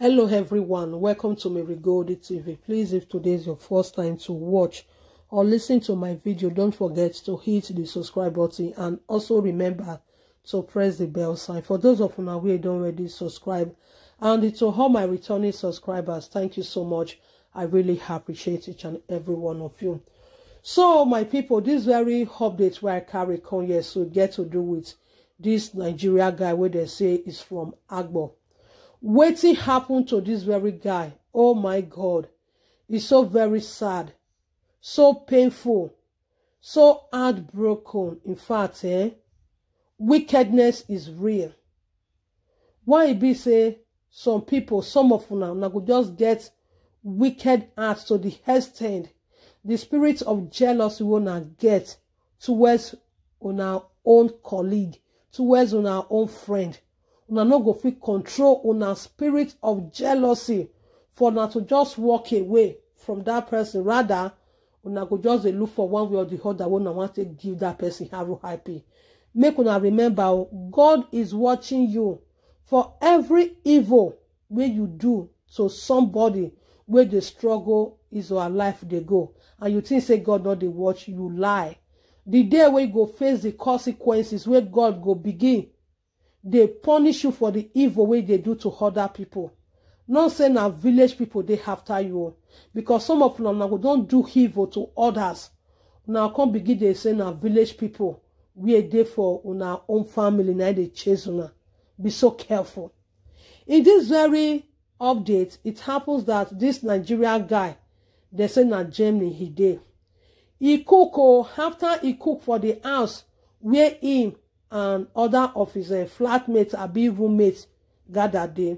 hello everyone welcome to Mariegoldi TV please if today is your first time to watch or listen to my video don't forget to hit the subscribe button and also remember to press the bell sign for those of una wey don already subscribe and to all my returning subscribers thank you so much I really appreciate each and every one of you so my people this very update where I carry come here so get to do with this Nigeria guy where they say is from Agbo wetin happened to this very guy oh my god it's so very sad so painful so heartbroken in fact eh wickedness is real why e be say some people, some of una now could just get wicked hearts to the extent the spirit of jealousy will una get towards our own colleague towards our own friend una no go fit control una spirit of jealousy for una to just walk away from that person rather una go just dey look for one way or di other wey una wan take give that person haru rip make una remember oh, god is watching you for every evil wey you do to somebody wey dey struggle is or life dey go and you think say god no dey watch you lie The day wey you go face the consequences wey god go begin They punish you for the evil way they do to other people no say na village people they after you because some of them don't do evil to others Now, come begin they say na village people we are there e for our own family Now they chase una be so careful in this very update it happens that this nigerian guy they say na germany he dey e cook o after he cook for the house where him and other of his uh, flatmates abi even roommates. gather there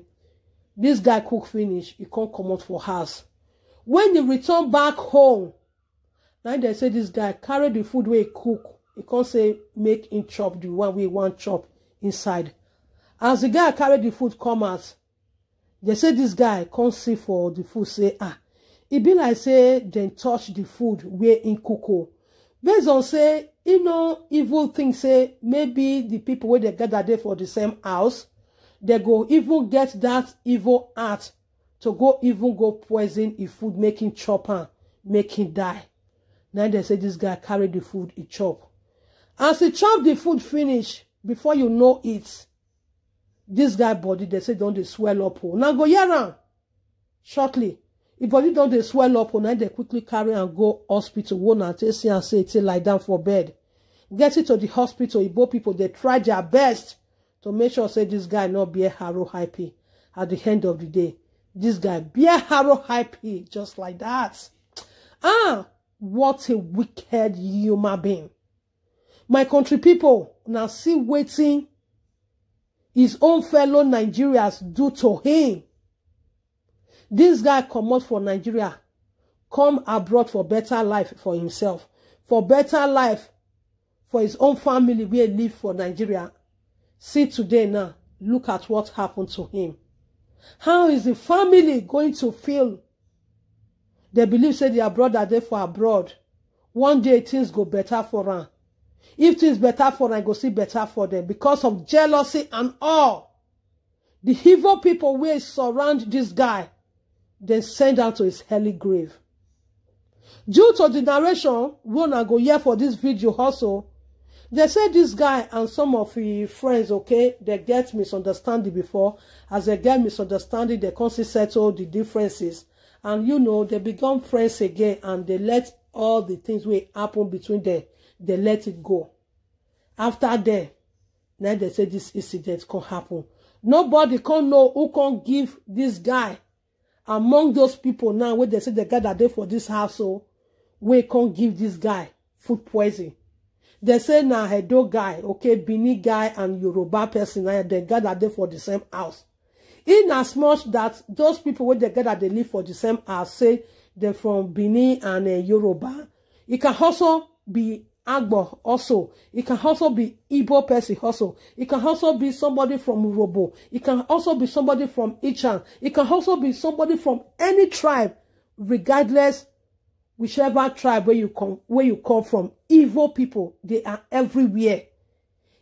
this guy cook finish he can't come out for house when he return back home na they say this guy carry the food where he cook he can't say make him chop the one we want chop inside as the guy carry the food come out they say this guy can't see for the food say ah e be like say then touch the food where in cook o oh based on say you know, evil things. say maybe the people wey they gather there for the same house they go even get that evil art to go even go poison e food making chopper, making die Now they say this guy carried the food e chop as e chop the food finish before you know it this guy body they say don't dey swell up Now go here, am shortly if body don dey swell up una dey quickly carry am go hospital wey una take see am say e lie down for bed getting to the hospital igbo people, dey try their best to make sure say this guy no bear harrow high at the end of the day this guy bear harrow high just like that. ah what a wicked human being my country people na see wetin his own fellow nigerians do to him This guy comot for nigeria come abroad for better life for himself for better life for his own family wey live for nigeria see today now look at what happened to him how is the family going to feel they believe say their brother dey for abroad one day things go better for am if things better for am go see better for them because of jealousy and all the evil people wey surround this guy Then send out to his early grave. Due to the narration, we I go here for this video also, they say this guy and some of his friends, okay, they get misunderstanding before. As they get misunderstanding, they can settle the differences. And, you know, they become friends again and they let all the things will happen between them. They let it go. After that, now they say this incident can happen. Nobody can know who can give this guy among those people now where they say the guy that dey for this house o oh, wey come give this guy food poison They say now na edo guy okay Bini guy and yoruba person the guy that dey for the same house in as much that those people where wey dem that they live for the same house say they're from Bini and uh, yoruba it can also be Agbo also. It can also be Igbo person also. It can also be somebody from Urobo. It can also be somebody from Ichan. It can also be somebody from any tribe, regardless whichever tribe where you come where you come from. Evil people, they are everywhere.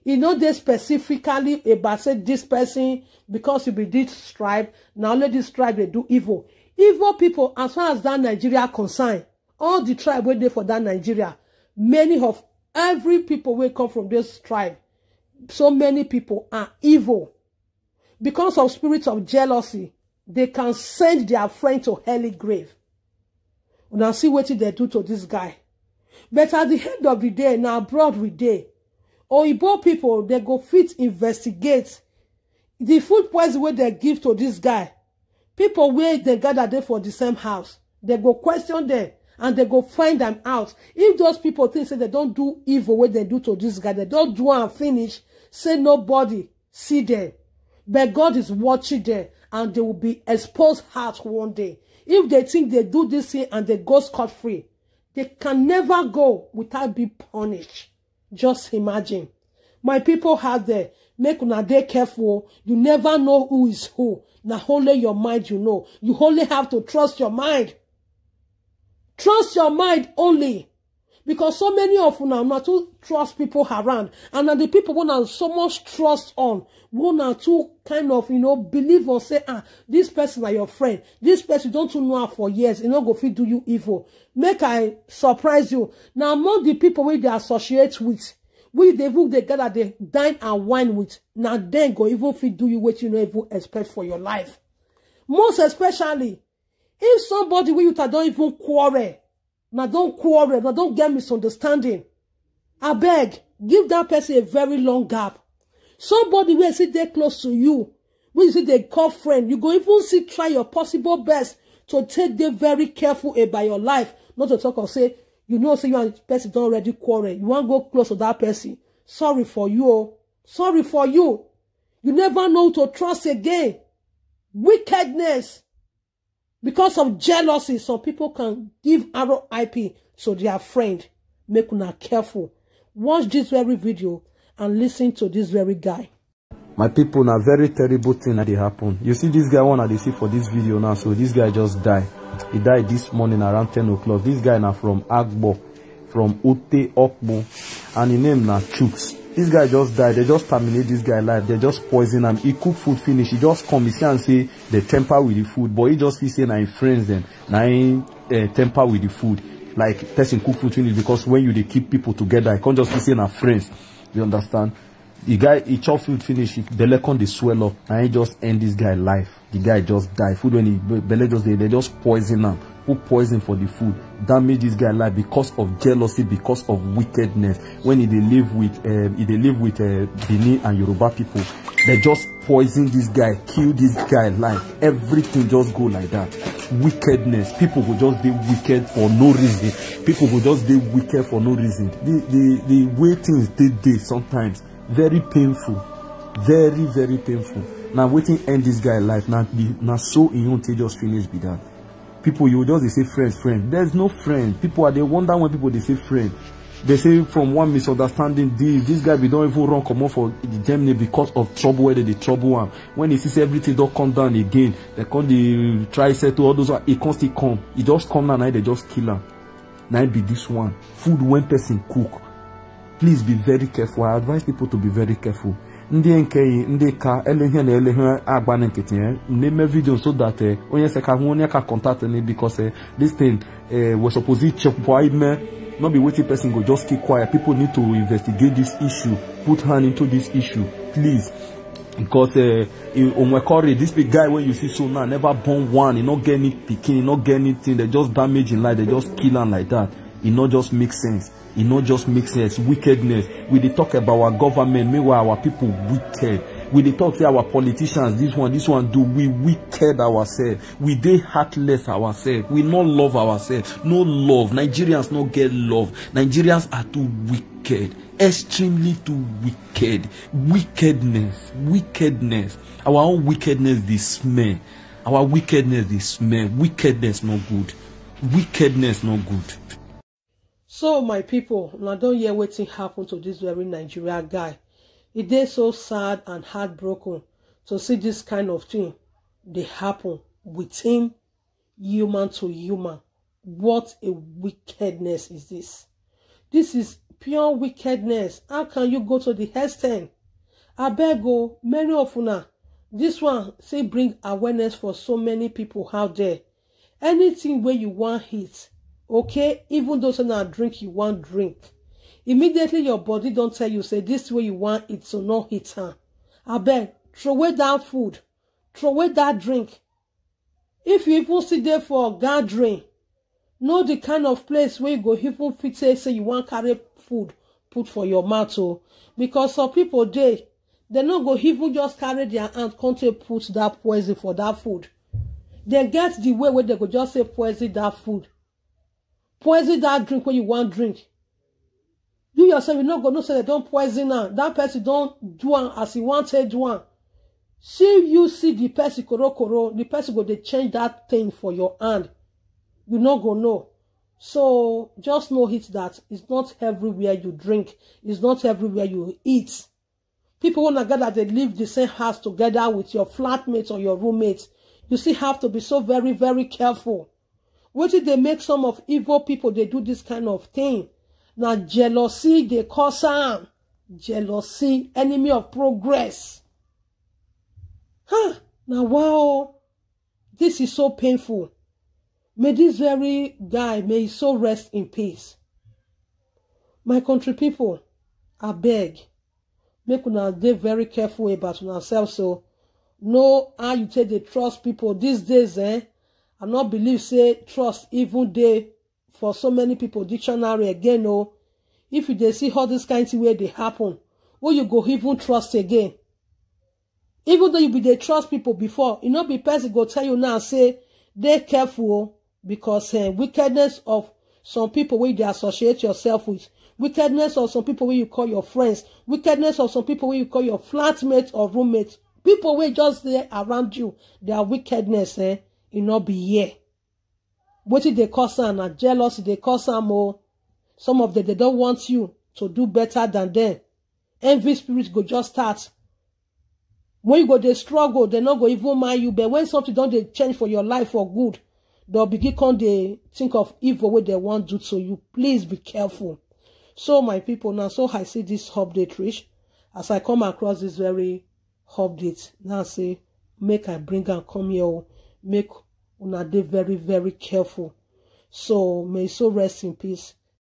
You know they specifically about say this person because you be this tribe. Now let this tribe they do evil. Evil people, as far as that Nigeria concerned, all the tribe were there for that Nigeria many of every people wey come from this tribe so many people are evil because of spirits of jealousy they can send their friend to early grave una see wetin dem do to this guy but at the end of the day na abroad we dey oyibo people dem go fit investigate the food poison wey dem give to this guy People wey dem gather dey for the same house dem go question dem and they go find them out if those people think say they don't do evil wey they do to this guy they don't do and finish say nobody see them. but god is watching them, and they will be exposed out one day if they think they do this thing and they go scot free they can never go without being punished just imagine my people, out there make una dey careful you never know who is who na only your mind you know you only have to trust your mind Trust your mind only. Because so many of now una to trust people around. And then the people wanna so much trust on. Wanna too kind of, you know, believe or say, ah, this person are your friend. This person don't you know for years. You know, go fit do you evil. Make I surprise you. Now, among the people wey they associate with, we dey even dey gather they dine and wine with Now then go even fit do you what you know even expect for your life most especially If somebody with you don't even quarrel, now don't quarrel, now don't get misunderstanding. I beg, give that person a very long gap. Somebody will sit there close to you, when you see they girlfriend, you go even see try your possible best to take them very careful about your life. Not to talk or say, you know, say you and person don't already quarrel. You won't go close to that person. Sorry for you. Sorry for you. You never know to trust again. Wickedness because of jealousy some people can give arrow ip to their friend make una careful watch this very video and listen to this very guy my people na very terrible thing that dey happen you see this guy one i dey see for this video now so this guy just died. he died this morning around 10 o'clock this guy na from agbo from Ute okpo and his name na chooks This guy just die They just terminate this guy life They just poison am He cook food finish He just come e see am say dem temper with the food but he just feel say na im friends dem na im uh, eh, temper with the food like person cook food finish because when you dey keep people together e come just feel say na friends you understand the guy he chop food finish belle come dey swell up na him just end this guy life the guy just die food when he belle just dey they just poison am who poison for the food damage this guy life because of jealousy because of wickedness when he dey live with um, he dey live with uh, benin and yoruba people they just poison this guy kill this guy life everything just go like that wickedness people go just dey wicked for no reason people go just dey wicked for no reason the the the way things dey dey sometimes very painful very very painful na wetin end this guy life na na so im e own take just finish be that people you just dey say friends friends there's no friend people are dey wonder when people dey say friend they say from one misunderstanding this this guy bin don even run comot for germany because of trouble wey dey dey trouble am when he see everything don come down again dem come dey try settle all those one e come still come He just come now na dem just kill am na be this one food wey person cook please be very careful i advise people to be very careful ndị nke yi ndị ka elu ihe na elu ihe agba na nkịtị ya na-eme vidio so that eh, onye sị ka hụ onye ka contact na because eh, this thing eh, we suppose ichekwa ime no be wetin person go just keep quiet people need to investigate this issue put hand into this issue please because uh, Omwekori, this big guy wey you see so now never born one he no get any pikin he no get anything they just damage him life they just kill am like that e no just make sense e no just make sense wickedness we dey talk about our government meanwhile our people wicked we dey talk say our politicians this one this one do we wicked ourselves we dey heartless ourselves we no love ourselves no love nigerians no get love nigerians are too wicked extremely too wicked wickedness wickedness our own wickedness dey smell our wickedness dey smell wickedness no good wickedness no good so my people, una don't hear wetin happened to this very nigeria guy It is so sad and heartbroken to see this kind of thing. They happen within human to human what a wickedness is this! This is pure wickedness how can you go to the extent abeg o many of una dis one say bring awareness for so many people out there Anything where you want hit okay even though say na drink you wan drink immediately your body don tell you say this way you wan eat so no eat am abeg throway that food throway that drink if you even sit there for gathering know the kind of place wey you go even fit say say you wan carry food put for your mouth o because some people dey dem no go even just carry their hand come take put that poison for that food dem get the way wey dem go just say poison that food poison that drink when you want drink. You yourself, you not go no say they don't poison am. That person don't do am as he want to do See you see the person koro koro, the person go they change that thing for your hand. You not go know. So just know it that it's not everywhere you drink, it's not everywhere you eat. People wanna that they live the same house together with your flatmates or your roommates. You see have to be so very, very careful wetin they make some of evil people They do this kind of thing Now jealousy they cause am jealousy enemy of progress huh na wow this is so painful may this very guy may he so rest in peace my country people, I beg, make una dey very careful about una so oh. know how you take the trust people these days eh i no believe say trust even dey for so many people, dictionary again Oh, if you just see how this kind of wey they happen who you go even trust again even though you be dey trust people before e no be person go tell you now say they careful o oh, because uh, wickedness of some people where they associate yourself with wickedness of some people where you call your friends wickedness of some people where you call your flatmates or roommates, people where just there around you their wickedness eh e no be here wetin dey cause am na jealousy dey cause am o some of them dey don want you to do better than them. envy spirit go just start when you go dey struggle They no go even mind you but when something don dey change for your life for good dem begin come dey think of evil wey they want do to you please be careful so my people now so i see this update reach as i come across this very update now say make i bring and come here make una dey very very careful so may so rest in peace